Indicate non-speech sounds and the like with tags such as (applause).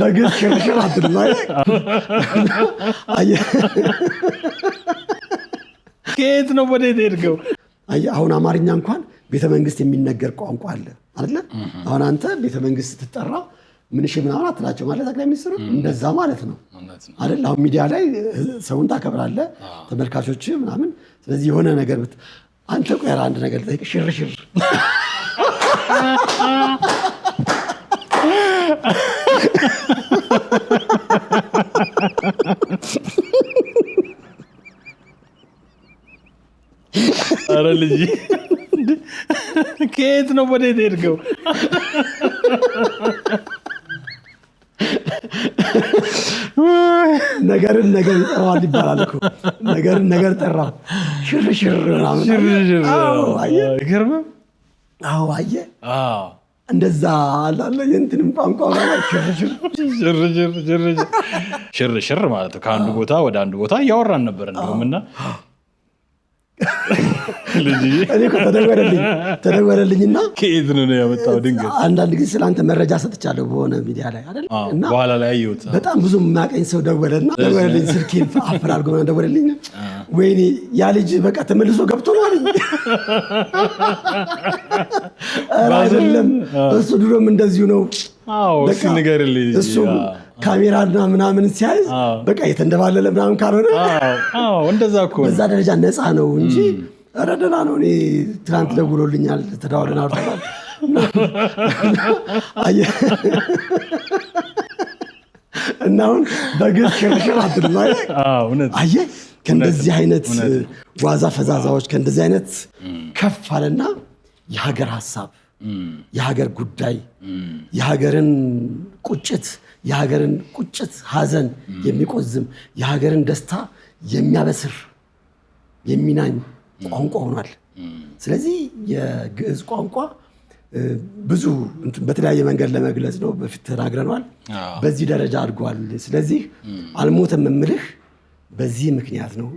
በግል ሽርሽር አትላይ ከየት ነው ወደ ሄድገው? አሁን አማርኛ እንኳን ቤተመንግስት የሚነገር ቋንቋ አለ አለ። አሁን አንተ ቤተመንግስት ስትጠራ ምንሽ ሺህ ምናምን አትላቸው ማለት ጠቅላይ ሚኒስትሩ እንደዛ ማለት ነው አይደል? አሁን ሚዲያ ላይ ሰውን ታከብራለህ፣ ተመልካቾች ምናምን። ስለዚህ የሆነ ነገር አንተ ቆይ አንድ ነገር ልጠይቅህ። ሽርሽር (laughs) ኧረ ልጅ ከየት ነው ወደ የት ሄድገው? ነገርን ነገር ይጠራዋል ይባላል እኮ ነገርን ነገር ጠራው። ሽርሽር አይገርምም? አዎ አየህ፣ እንደዛ አላለ የእንትንም ቋንቋ ሽርሽር ማለት ከአንዱ ቦታ ወደ አንዱ ቦታ እያወራን ነበር እንደውም እና ተደወለልኝ ተደወለልኝና ከየት ነው ያመጣው? ድንገት አንዳንድ ጊዜ ስለአንተ መረጃ ሰጥቻለሁ በሆነ ሚዲያ ላይ አይደል? በኋላ ላይ አየሁት። በጣም ብዙ የማቀኝ ሰው ደወለና ደወለልኝ፣ ስልኬን አፈላልጎ ደወለልኝ። ወይኔ ያ ልጅ በቃ ተመልሶ ገብቶ ነው አለኝ። አይደለም እሱ ድሮም እንደዚሁ ነው። እሱ ካሜራና ምናምን ሲያይዝ በቃ የተንደባለለ ምናምን ካልሆነ እንደዛ እኮ በዛ ደረጃ ነፃ ነው እንጂ ኧረ ደህና ነው። እኔ ትናንት ደውሎልኛል ተደዋውለን አውርተናል። እና አሁን በግል ሽርሽር አትልም አየህ። ከእንደዚህ አይነት ዋዛ ፈዛዛዎች ከእንደዚህ አይነት ከፍ አለና የሀገር ሀሳብ፣ የሀገር ጉዳይ፣ የሀገርን ቁጭት የሀገርን ቁጭት፣ ሀዘን የሚቆዝም የሀገርን ደስታ የሚያበስር የሚናኝ ቋንቋ ሆኗል። ስለዚህ የግዕዝ ቋንቋ ብዙ በተለያየ መንገድ ለመግለጽ ነው፣ በፊት ተናግረነዋል። በዚህ ደረጃ አድጓል። ስለዚህ አልሞተም የምልህ በዚህ ምክንያት ነው።